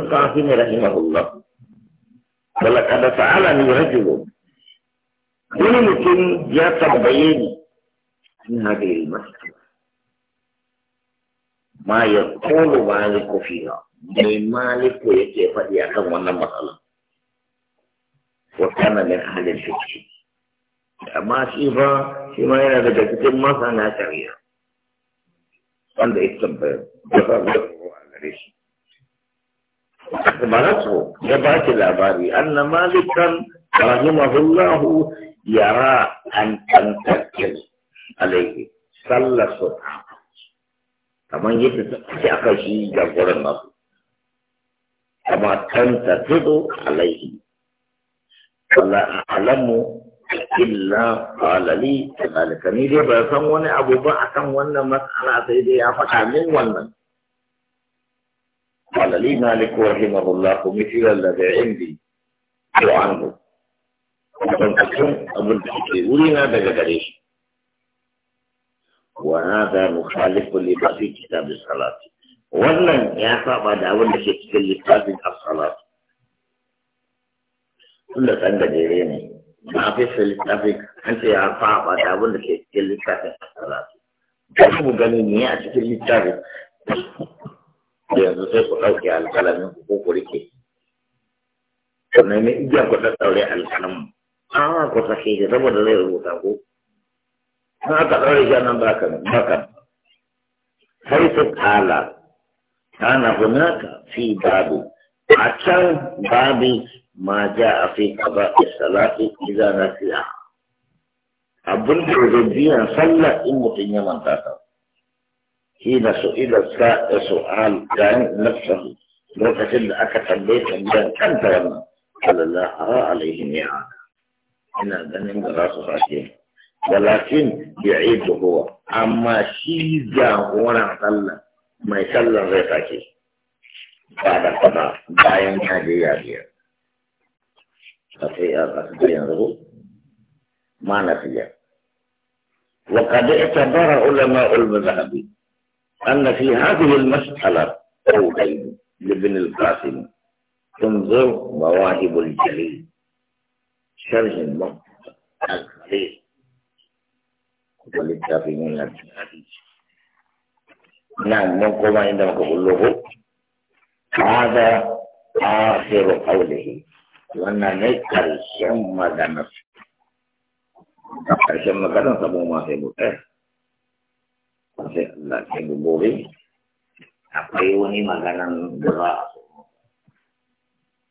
القاسم رحمه الله ولقد فعلني رجل ولكن يمكن يتبين في هذه المسألة ما يقول مالك فيها من مالك يكيف يكون وانا مسألة وكان من أهل الفقه ما شيفا فيما يرى بجكتين ما سانا شريعة عند التبين manasu ya ba ki labari anna malikan rahimahullahu yara an tantake alaihi sallasu kamar yadda aka shi jagoran nasu kamar tantake su alaihi alamu illa falali ta ni dai ba san wani abu ba a kan wannan matsala sai dai ya faɗa min wannan قال لي مالك رحمه الله مثل الذي عندي وعنده وتنقسم أبو البحر ولنا بغدريش وهذا مخالف لما كتاب الصلاة ولن يعطى بعد أول شيء في الكتاب الصلاة كل عند جيريني ما في في الكتاب أنت يعطى بعد أول شيء في الكتاب الصلاة جابوا جنيني أشكل الكتاب yanzu sai ku ɗauke alƙalamin ku ko ku rike sannan ne igiya ku ɗaɗɗaure alƙalamin a ku sake shi saboda zai rubuta ku Na aka ɗaure shi nan ba ka ba ka sai su kala kana hunaka fi babu a can babi ma ja a fi kaza salati na nasiya abin da biyan sallah in mutum ya manta ta حين سئل السائل سؤال كان نفسه لو تسل أكت البيت أبدا أنت تولى قال الله أرى عليه إعادة إن الدنيا دراسة راكين ولكن يعيد هو أما شيء هو نعطل ما يسلل غيرك بعد القضاء باين هذه يا ففي الأسبوع ينظر ما نفيا وقد اعتبر علماء المذهبين أن في هذه المسألة قولين لابن القاسم تنظر مواهب الجليل شرح المقصود الخليل من الحديث نعم منكم عندما له هذا آخر قوله وأن نكر شم دمس شم كذا سبو ما سبو sai Allah sai gobe akwai wani maganan da